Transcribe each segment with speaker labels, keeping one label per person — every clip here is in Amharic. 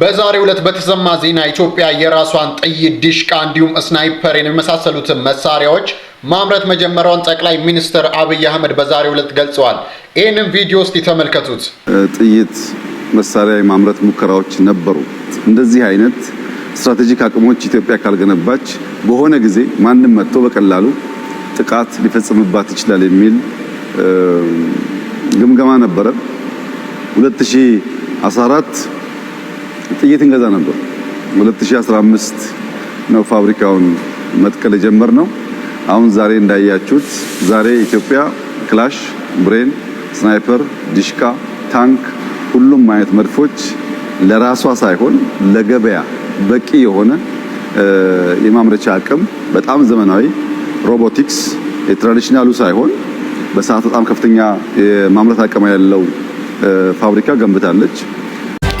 Speaker 1: በዛሬ ዕለት በተሰማ ዜና ኢትዮጵያ የራሷን ጥይት፣ ዲሽቃ እንዲሁም ስናይፐርን የመሳሰሉትን መሳሪያዎች ማምረት መጀመሯን ጠቅላይ ሚኒስትር አብይ አህመድ በዛሬ ዕለት ገልጸዋል። ይህንም ቪዲዮ ውስጥ የተመልከቱት።
Speaker 2: ጥይት መሳሪያ የማምረት ሙከራዎች ነበሩ። እንደዚህ አይነት ስትራቴጂክ አቅሞች ኢትዮጵያ ካልገነባች በሆነ ጊዜ ማንም መጥቶ በቀላሉ ጥቃት ሊፈጽምባት ይችላል የሚል ግምገማ ነበረ 2014 ጥይት እንገዛ ነበር። 2015 ነው ፋብሪካውን መትከል የጀመር ነው። አሁን ዛሬ እንዳያችሁት ዛሬ ኢትዮጵያ ክላሽ፣ ብሬን፣ ስናይፐር፣ ዲሽካ፣ ታንክ፣ ሁሉም አይነት መድፎች ለራሷ ሳይሆን ለገበያ በቂ የሆነ የማምረቻ አቅም በጣም ዘመናዊ ሮቦቲክስ የትራዲሽናሉ ሳይሆን በሰዓት በጣም ከፍተኛ የማምረት አቅም ያለው ፋብሪካ ገንብታለች።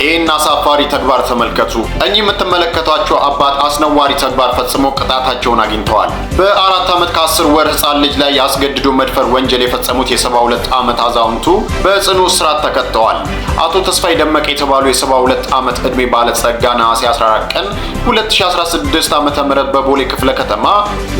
Speaker 1: ይህን አሳፋሪ ተግባር ተመልከቱ። እኚህ የምትመለከቷቸው አባት አስነዋሪ ተግባር ፈጽሞ ቅጣታቸውን አግኝተዋል። በአራት ዓመት ከአስር ወር ህፃን ልጅ ላይ አስገድዶ መድፈር ወንጀል የፈጸሙት የሰባ 72 ዓመት አዛውንቱ በጽኑ እስራት ተቀጥተዋል። አቶ ተስፋይ ደመቀ የተባሉ የ 72 ዓመት ዕድሜ ባለጸጋ ነሐሴ 14 ቀን 2016 ዓ ም በቦሌ ክፍለ ከተማ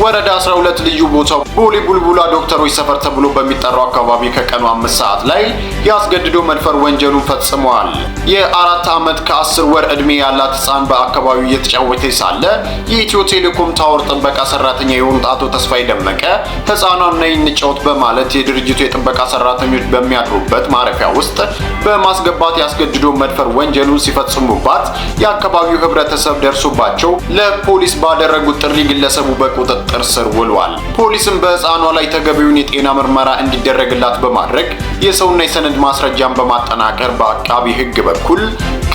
Speaker 1: ወረዳ 12 ልዩ ቦታው ቦሌ ቡልቡላ ዶክተሮች ሰፈር ተብሎ በሚጠራው አካባቢ ከቀኑ አምስት ሰዓት ላይ የአስገድዶ መድፈር ወንጀሉን ፈጽመዋል። የአራት አራት ዓመት ከአስር ወር ዕድሜ ያላት ህፃን በአካባቢው እየተጫወተች ሳለ የኢትዮ ቴሌኮም ታወር ጥበቃ ሰራተኛ የሆኑት አቶ ተስፋዬ ደመቀ ህፃኗን ነይ እንጫወት በማለት የድርጅቱ የጥበቃ ሰራተኞች በሚያድሩበት ማረፊያ ውስጥ በማስገባት ያስገድዶ መድፈር ወንጀሉን ሲፈጽሙባት የአካባቢው ህብረተሰብ ደርሶባቸው ለፖሊስ ባደረጉት ጥሪ ግለሰቡ በቁጥጥር ስር ውሏል። ፖሊስም በህፃኗ ላይ ተገቢውን የጤና ምርመራ እንዲደረግላት በማድረግ የሰውና የሰነድ ማስረጃን በማጠናቀር በአቃቢ ህግ በኩል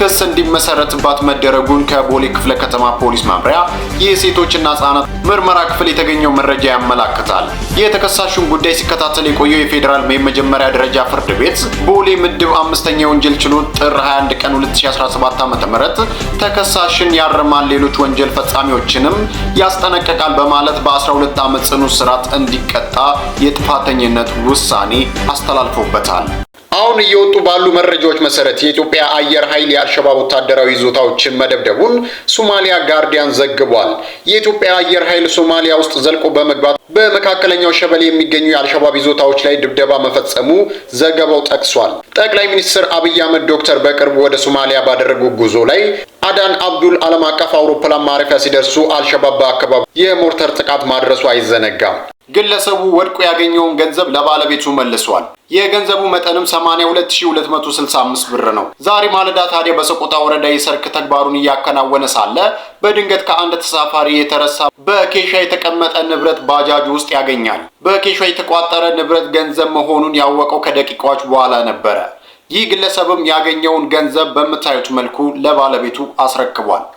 Speaker 1: ክስ እንዲመሰረትባት መደረጉን ከቦሌ ክፍለ ከተማ ፖሊስ መምሪያ የሴቶችና ህጻናት ምርመራ ክፍል የተገኘው መረጃ ያመላክታል። የተከሳሹን ጉዳይ ሲከታተል የቆየው የፌዴራል የመጀመሪያ ደረጃ ፍርድ ቤት ቦሌ ምድብ አምስተኛ የወንጀል ችሎት ጥር 21 ቀን 2017 ዓ.ም ተከሳሽን ያርማል፣ ሌሎች ወንጀል ፈጻሚዎችንም ያስጠነቀቃል በማለት በ12 ዓመት ጽኑ እስራት እንዲቀጣ የጥፋተኝነት ውሳኔ አስተላልፎበታል። አሁን እየወጡ ባሉ መረጃዎች መሰረት የኢትዮጵያ አየር ኃይል የአልሸባብ ወታደራዊ ይዞታዎችን መደብደቡን ሶማሊያ ጋርዲያን ዘግቧል። የኢትዮጵያ አየር ኃይል ሶማሊያ ውስጥ ዘልቆ በመግባት በመካከለኛው ሸበሌ የሚገኙ የአልሸባብ ይዞታዎች ላይ ድብደባ መፈጸሙ ዘገባው ጠቅሷል። ጠቅላይ ሚኒስትር አብይ አህመድ ዶክተር በቅርቡ ወደ ሶማሊያ ባደረጉ ጉዞ ላይ አዳን አብዱል ዓለም አቀፍ አውሮፕላን ማረፊያ ሲደርሱ አልሸባብ በአካባቢ የሞርተር ጥቃት ማድረሱ አይዘነጋም። ግለሰቡ ወድቆ ያገኘውን ገንዘብ ለባለቤቱ መልሷል። የገንዘቡ መጠንም 82265 ብር ነው። ዛሬ ማለዳ ታዲያ በሰቆጣ ወረዳ የሰርክ ተግባሩን እያከናወነ ሳለ በድንገት ከአንድ ተሳፋሪ የተረሳ በኬሻ የተቀመጠ ንብረት ባጃጅ ውስጥ ያገኛል። በኬሻ የተቋጠረ ንብረት ገንዘብ መሆኑን ያወቀው ከደቂቃዎች በኋላ ነበረ። ይህ ግለሰብም ያገኘውን ገንዘብ በምታዩት መልኩ ለባለቤቱ አስረክቧል።